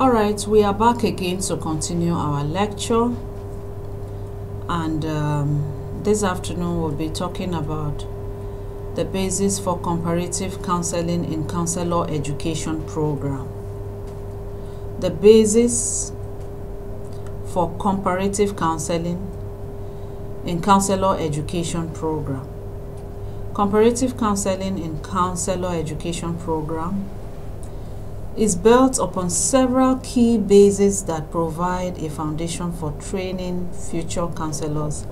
all right we are back again to continue our lecture and um, this afternoon we'll be talking about the basis for comparative counseling in counselor education program the basis for comparative counseling in counselor education program comparative counseling in counselor education program is built upon several key bases that provide a foundation for training future counselors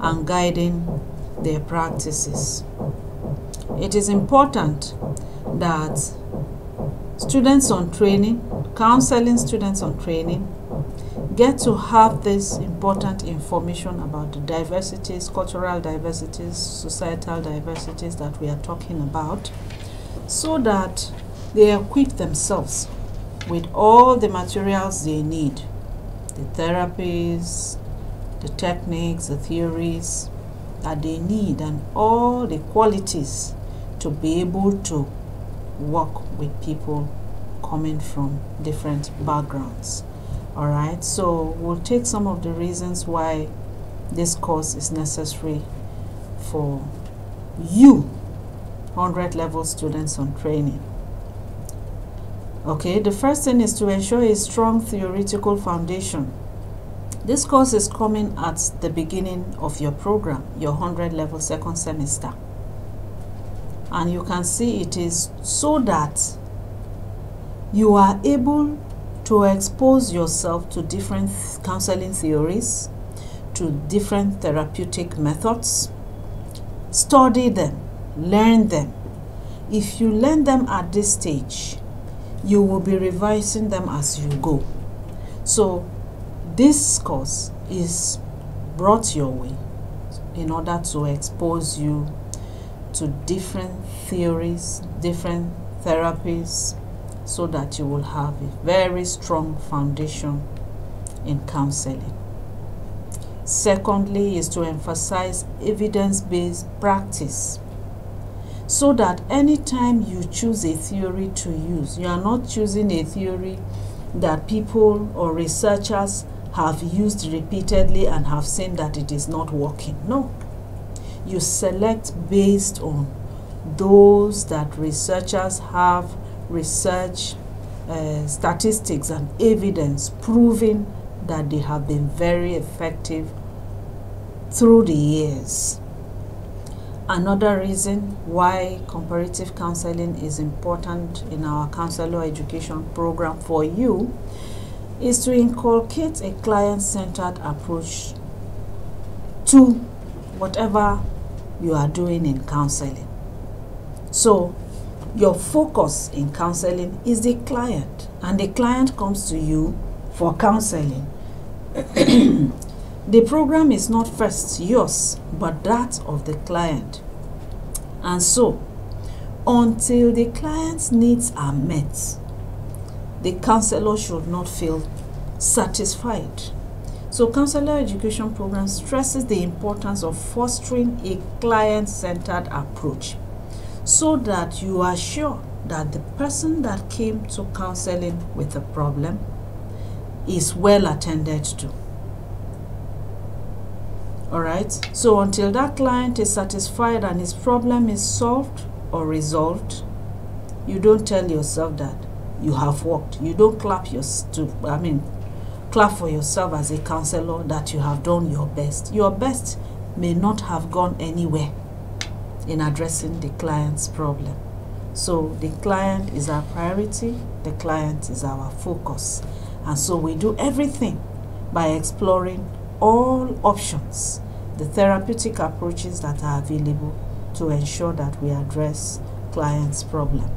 and guiding their practices. It is important that students on training, counseling students on training, get to have this important information about the diversities, cultural diversities, societal diversities that we are talking about so that they equip themselves with all the materials they need the therapies, the techniques, the theories that they need, and all the qualities to be able to work with people coming from different backgrounds. All right, so we'll take some of the reasons why this course is necessary for you 100 level students on training. Okay, the first thing is to ensure a strong theoretical foundation. This course is coming at the beginning of your program, your 100 level second semester. And you can see it is so that you are able to expose yourself to different counseling theories, to different therapeutic methods. Study them, learn them. If you learn them at this stage, you will be revising them as you go. So this course is brought your way in order to expose you to different theories, different therapies, so that you will have a very strong foundation in counseling. Secondly is to emphasize evidence-based practice so that anytime you choose a theory to use, you are not choosing a theory that people or researchers have used repeatedly and have seen that it is not working. No. You select based on those that researchers have research uh, statistics and evidence proving that they have been very effective through the years. Another reason why comparative counseling is important in our counselor education program for you is to inculcate a client centered approach to whatever you are doing in counseling. So, your focus in counseling is the client, and the client comes to you for counseling. The program is not first yours, but that of the client. And so, until the client's needs are met, the counselor should not feel satisfied. So, counselor education program stresses the importance of fostering a client centered approach so that you are sure that the person that came to counseling with a problem is well attended to. Alright, so until that client is satisfied and his problem is solved or resolved, you don't tell yourself that you have worked. You don't clap your, I mean, clap for yourself as a counselor that you have done your best. Your best may not have gone anywhere in addressing the client's problem. So the client is our priority, the client is our focus. And so we do everything by exploring all options, the therapeutic approaches that are available to ensure that we address clients' problem.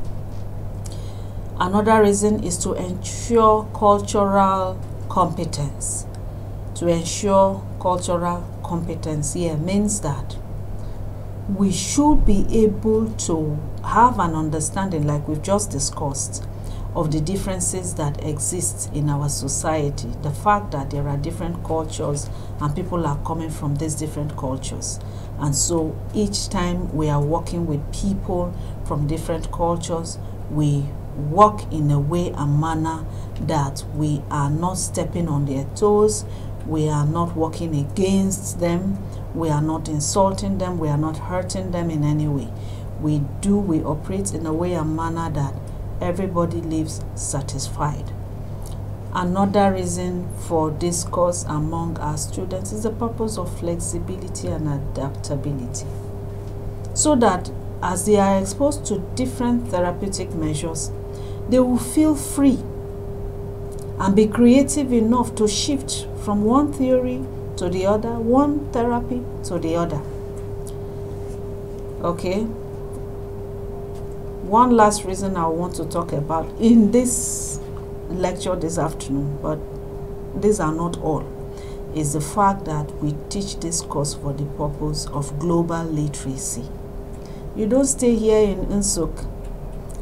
Another reason is to ensure cultural competence. To ensure cultural competence here means that we should be able to have an understanding, like we've just discussed, of the differences that exist in our society, the fact that there are different cultures and people are coming from these different cultures. And so each time we are working with people from different cultures, we work in a way and manner that we are not stepping on their toes, we are not working against them, we are not insulting them, we are not hurting them in any way. We do, we operate in a way and manner that everybody leaves satisfied. Another reason for this course among our students is the purpose of flexibility and adaptability. So that as they are exposed to different therapeutic measures, they will feel free and be creative enough to shift from one theory to the other, one therapy to the other. Okay? one last reason I want to talk about in this lecture this afternoon, but these are not all, is the fact that we teach this course for the purpose of global literacy. You don't stay here in Insuk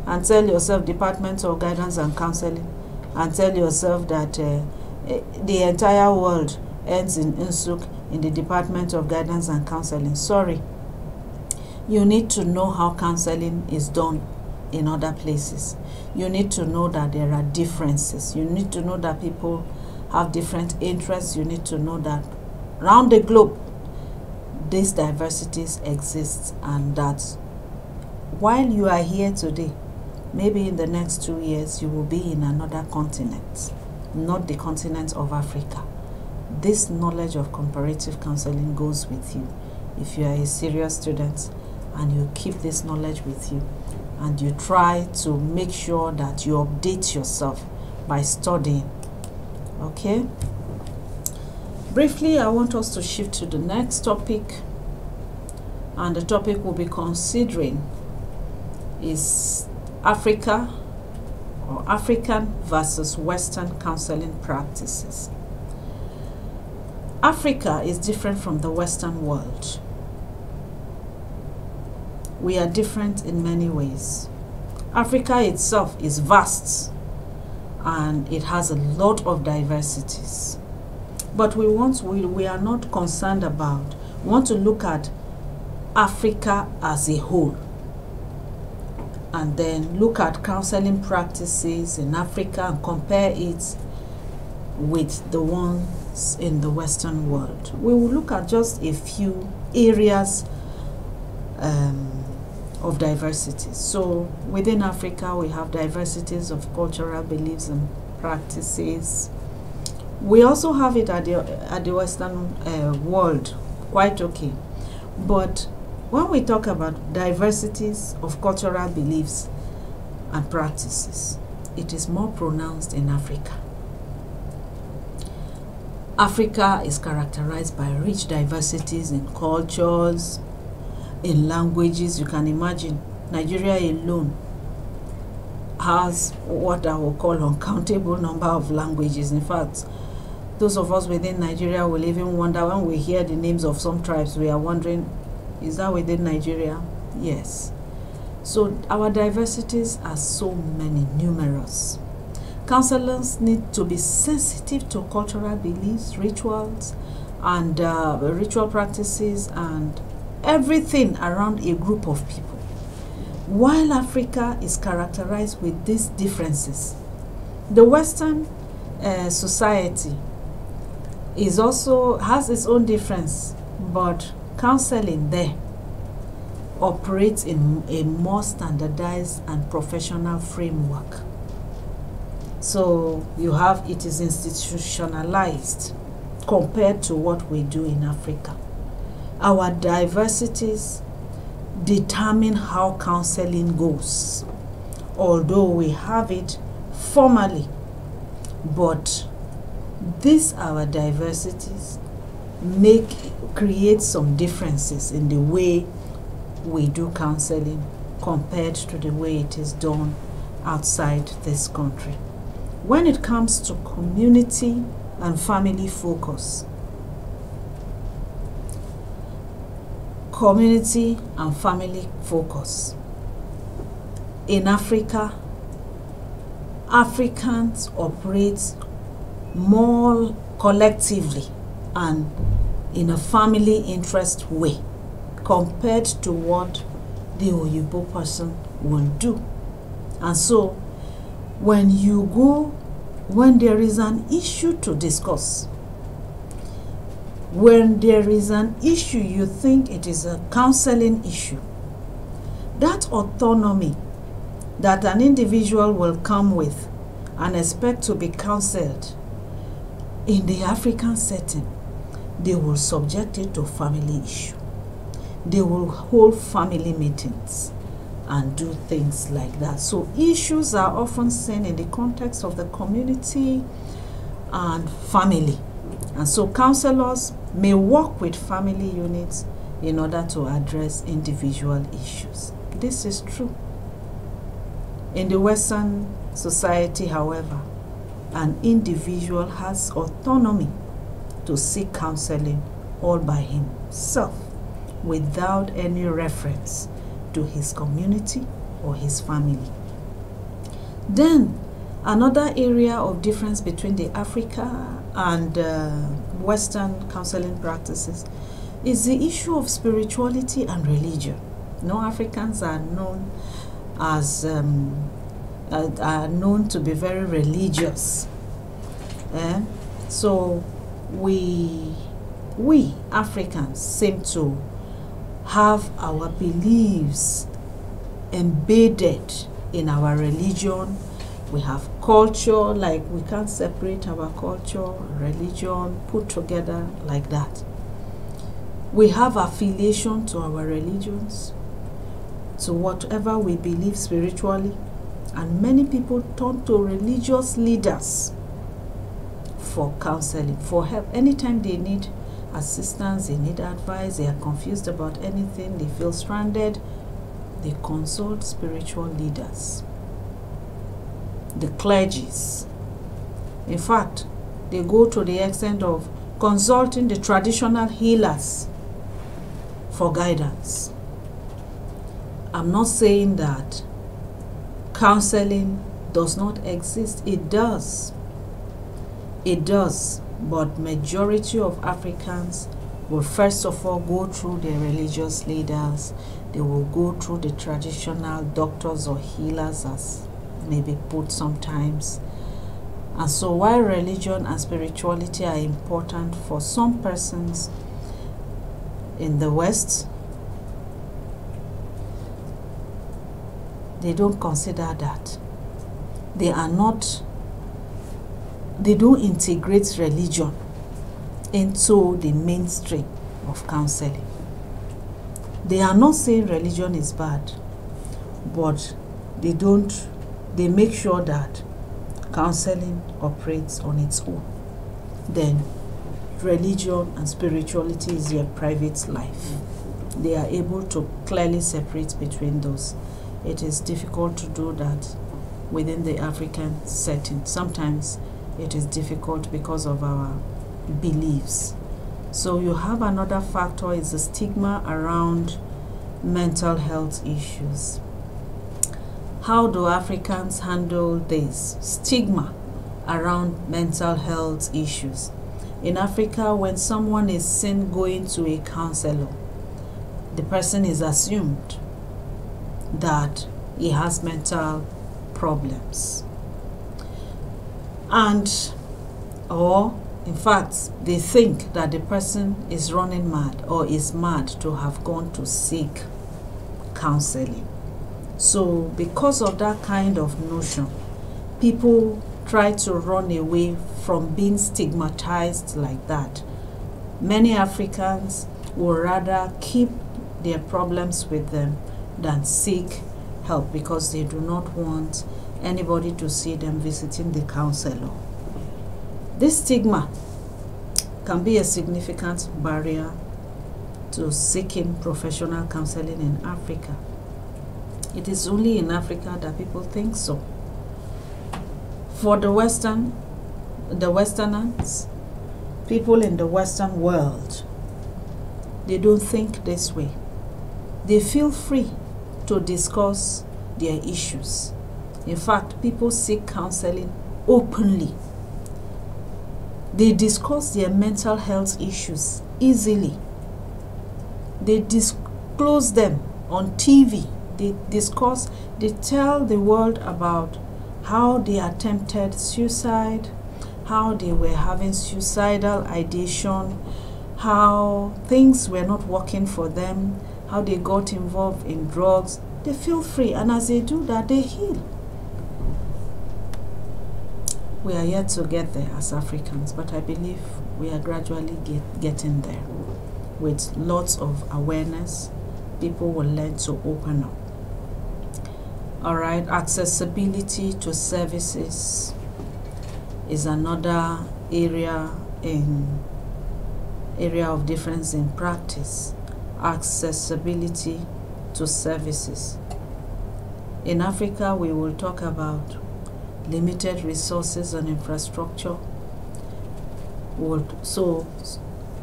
and tell yourself Department of Guidance and Counseling and tell yourself that uh, eh, the entire world ends in Insuk in the Department of Guidance and Counseling. Sorry, you need to know how counseling is done in other places. You need to know that there are differences. You need to know that people have different interests. You need to know that around the globe, these diversities exist and that while you are here today, maybe in the next two years, you will be in another continent, not the continent of Africa. This knowledge of comparative counseling goes with you if you are a serious student and you keep this knowledge with you and you try to make sure that you update yourself by studying okay briefly i want us to shift to the next topic and the topic we'll be considering is africa or african versus western counseling practices africa is different from the western world we are different in many ways. Africa itself is vast and it has a lot of diversities. But we want we, we are not concerned about, we want to look at Africa as a whole and then look at counseling practices in Africa and compare it with the ones in the Western world. We will look at just a few areas um, of diversity, So within Africa, we have diversities of cultural beliefs and practices. We also have it at the, at the Western uh, world, quite okay. But when we talk about diversities of cultural beliefs and practices, it is more pronounced in Africa. Africa is characterized by rich diversities in cultures, in languages you can imagine nigeria alone has what i will call uncountable number of languages in fact those of us within nigeria will even wonder when we hear the names of some tribes we are wondering is that within nigeria yes so our diversities are so many numerous counselors need to be sensitive to cultural beliefs rituals and uh, ritual practices and everything around a group of people. While Africa is characterized with these differences, the Western uh, society is also has its own difference, but counseling there operates in a more standardized and professional framework. So you have it is institutionalized compared to what we do in Africa our diversities determine how counseling goes, although we have it formally. But these our diversities make create some differences in the way we do counseling compared to the way it is done outside this country. When it comes to community and family focus, community and family focus. In Africa, Africans operate more collectively and in a family interest way compared to what the Oyibo person will do. And so, when you go, when there is an issue to discuss, when there is an issue you think it is a counseling issue, that autonomy that an individual will come with and expect to be counseled in the African setting, they will subject it to family issue. They will hold family meetings and do things like that. So issues are often seen in the context of the community and family. And so counselors may work with family units in order to address individual issues. This is true. In the Western society, however, an individual has autonomy to seek counseling all by himself without any reference to his community or his family. Then Another area of difference between the Africa and uh, Western counseling practices is the issue of spirituality and religion. no Africans are known as um, uh, are known to be very religious. Eh? So we we Africans seem to have our beliefs embedded in our religion we have culture like we can't separate our culture religion put together like that we have affiliation to our religions to whatever we believe spiritually and many people turn to religious leaders for counseling for help anytime they need assistance they need advice they are confused about anything they feel stranded they consult spiritual leaders the clergies. In fact, they go to the extent of consulting the traditional healers for guidance. I'm not saying that counseling does not exist. It does. It does. But majority of Africans will first of all go through their religious leaders. They will go through the traditional doctors or healers as Maybe put sometimes. And so while religion and spirituality are important for some persons in the West, they don't consider that. They are not, they don't integrate religion into the mainstream of counseling. They are not saying religion is bad, but they don't they make sure that counseling operates on its own. Then religion and spirituality is their private life. They are able to clearly separate between those. It is difficult to do that within the African setting. Sometimes it is difficult because of our beliefs. So you have another factor is the stigma around mental health issues. How do Africans handle this stigma around mental health issues? In Africa, when someone is seen going to a counselor, the person is assumed that he has mental problems. And, or in fact, they think that the person is running mad or is mad to have gone to seek counseling. So, because of that kind of notion, people try to run away from being stigmatized like that. Many Africans would rather keep their problems with them than seek help because they do not want anybody to see them visiting the counselor. This stigma can be a significant barrier to seeking professional counseling in Africa. It is only in Africa that people think so. For the Western, the Westerners, people in the Western world, they don't think this way. They feel free to discuss their issues. In fact, people seek counseling openly. They discuss their mental health issues easily. They disclose them on TV they discuss, they tell the world about how they attempted suicide, how they were having suicidal ideation, how things were not working for them, how they got involved in drugs. They feel free, and as they do that, they heal. We are yet to get there as Africans, but I believe we are gradually get, getting there with lots of awareness. People will learn to open up all right accessibility to services is another area in area of difference in practice accessibility to services in africa we will talk about limited resources and infrastructure so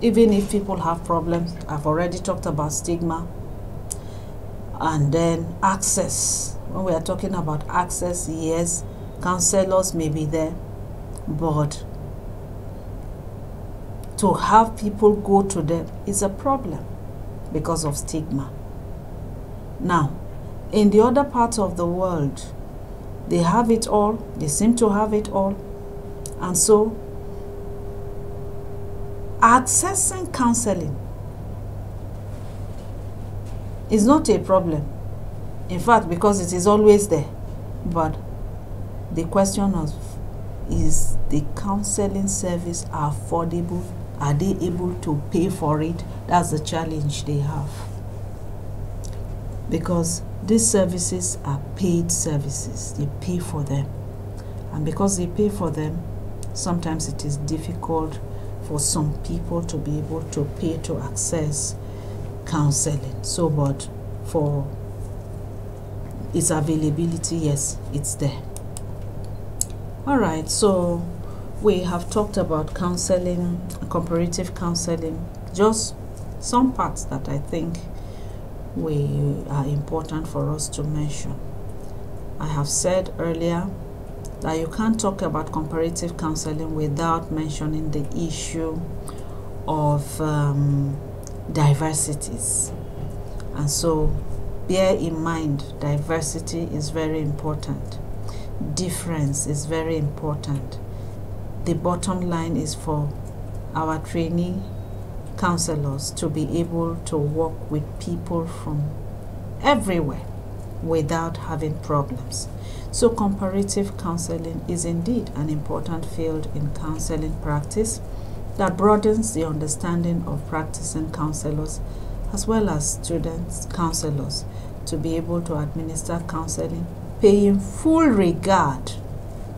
even if people have problems i've already talked about stigma and then access when we are talking about access yes counselors may be there but to have people go to them is a problem because of stigma now in the other parts of the world they have it all they seem to have it all and so accessing counseling is not a problem. In fact, because it is always there. But the question of is the counseling service affordable? Are they able to pay for it? That's the challenge they have. Because these services are paid services, they pay for them. And because they pay for them, sometimes it is difficult for some people to be able to pay to access counseling. So, but for its availability, yes, it's there. All right, so we have talked about counseling, comparative counseling, just some parts that I think we are important for us to mention. I have said earlier that you can't talk about comparative counseling without mentioning the issue of um, diversities. And so bear in mind diversity is very important. Difference is very important. The bottom line is for our trainee counselors to be able to work with people from everywhere without having problems. So comparative counseling is indeed an important field in counseling practice that broadens the understanding of practicing counselors as well as students counselors to be able to administer counseling, paying full regard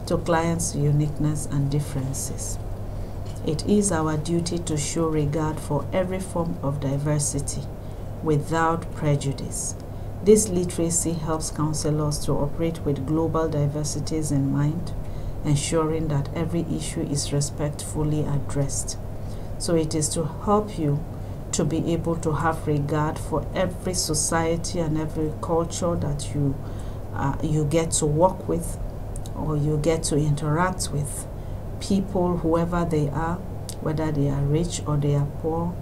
to clients' uniqueness and differences. It is our duty to show regard for every form of diversity without prejudice. This literacy helps counselors to operate with global diversities in mind ensuring that every issue is respectfully addressed. So it is to help you to be able to have regard for every society and every culture that you uh, you get to work with or you get to interact with people whoever they are whether they are rich or they are poor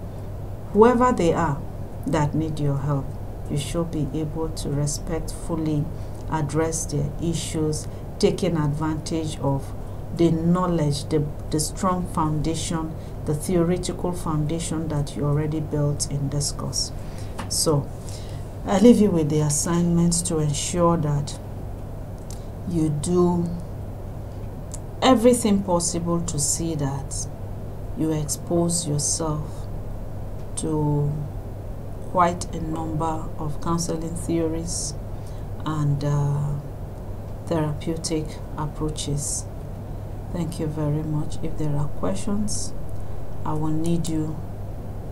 whoever they are that need your help you should be able to respectfully address their issues taking advantage of the knowledge, the, the strong foundation, the theoretical foundation that you already built in this course. So I leave you with the assignments to ensure that you do everything possible to see that you expose yourself to quite a number of counseling theories and uh, therapeutic approaches. Thank you very much. If there are questions, I will need you